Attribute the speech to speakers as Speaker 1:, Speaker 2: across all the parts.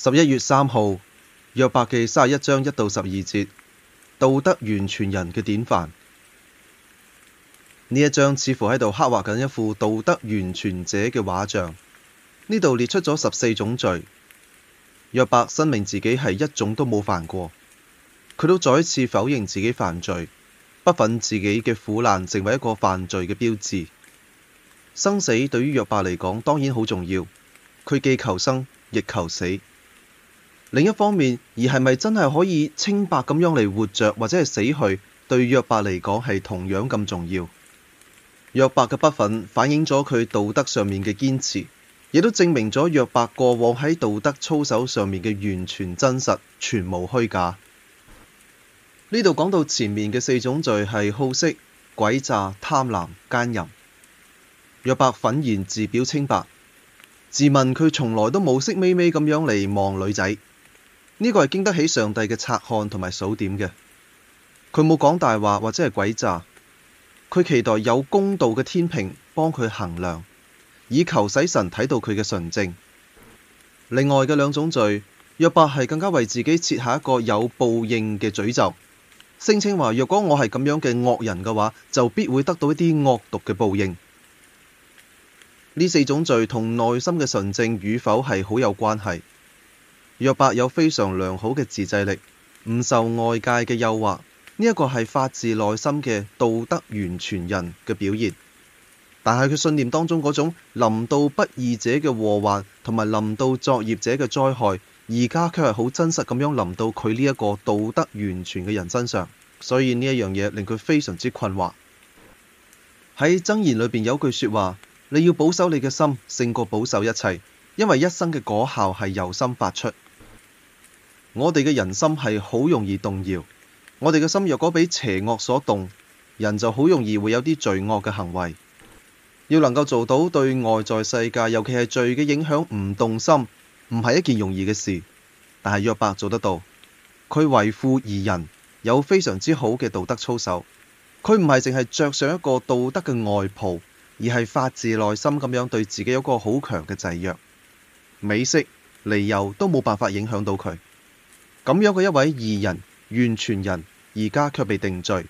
Speaker 1: 十一月三號，約伯記三十一章一到十二節，道德完全人嘅典範。呢一章似乎喺度刻畫緊一幅道德完全者嘅畫像。呢度列出咗十四種罪，約伯申明自己係一種都冇犯過，佢都再一次否認自己犯罪，不忿自己嘅苦難成為一個犯罪嘅標誌。生死對於約伯嚟講，當然好重要，佢既求生亦求死。另一方面，而係咪真係可以清白咁樣嚟活着，或者係死去，對約伯嚟講係同樣咁重要？約伯嘅不忿反映咗佢道德上面嘅堅持，亦都證明咗約伯過往喺道德操守上面嘅完全真實，全無虛假。呢度講到前面嘅四種罪係好色、詭詐、貪婪、姦淫。約伯憤然自表清白，自問佢從來都冇色眯眯咁樣嚟望女仔。呢個係經得起上帝嘅察看同埋數點嘅，佢冇講大話或者係詭詐，佢期待有公道嘅天平幫佢衡量，以求使神睇到佢嘅純正。另外嘅兩種罪，約伯係更加為自己設下一個有報應嘅詛咒，聲稱話若果我係咁樣嘅惡人嘅話，就必會得到一啲惡毒嘅報應。呢四種罪同內心嘅純正與否係好有關係。約伯有非常良好嘅自制力，唔受外界嘅誘惑，呢、這、一個係發自內心嘅道德完全人嘅表現。但係佢信念當中嗰種臨到不義者嘅禍患，同埋臨到作孽者嘅災害，而家卻係好真實咁樣臨到佢呢一個道德完全嘅人身上，所以呢一樣嘢令佢非常之困惑。喺箴言裏邊有句說話：你要保守你嘅心，勝過保守一切，因為一生嘅果效係由心發出。我哋嘅人心係好容易動搖，我哋嘅心若果俾邪惡所動，人就好容易會有啲罪惡嘅行為。要能夠做到對外在世界，尤其係罪嘅影響唔動心，唔係一件容易嘅事。但係約伯做得到，佢為富而仁，有非常之好嘅道德操守，佢唔係淨係着上一個道德嘅外袍，而係發自內心咁樣對自己有一個好強嘅制約，美色、利慾都冇辦法影響到佢。咁樣嘅一位義人、完全人，而家卻被定罪。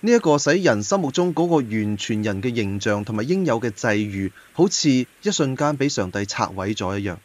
Speaker 1: 呢一個使人心目中嗰個完全人嘅形象同埋應有嘅際遇，好似一瞬間俾上帝拆毀咗一樣。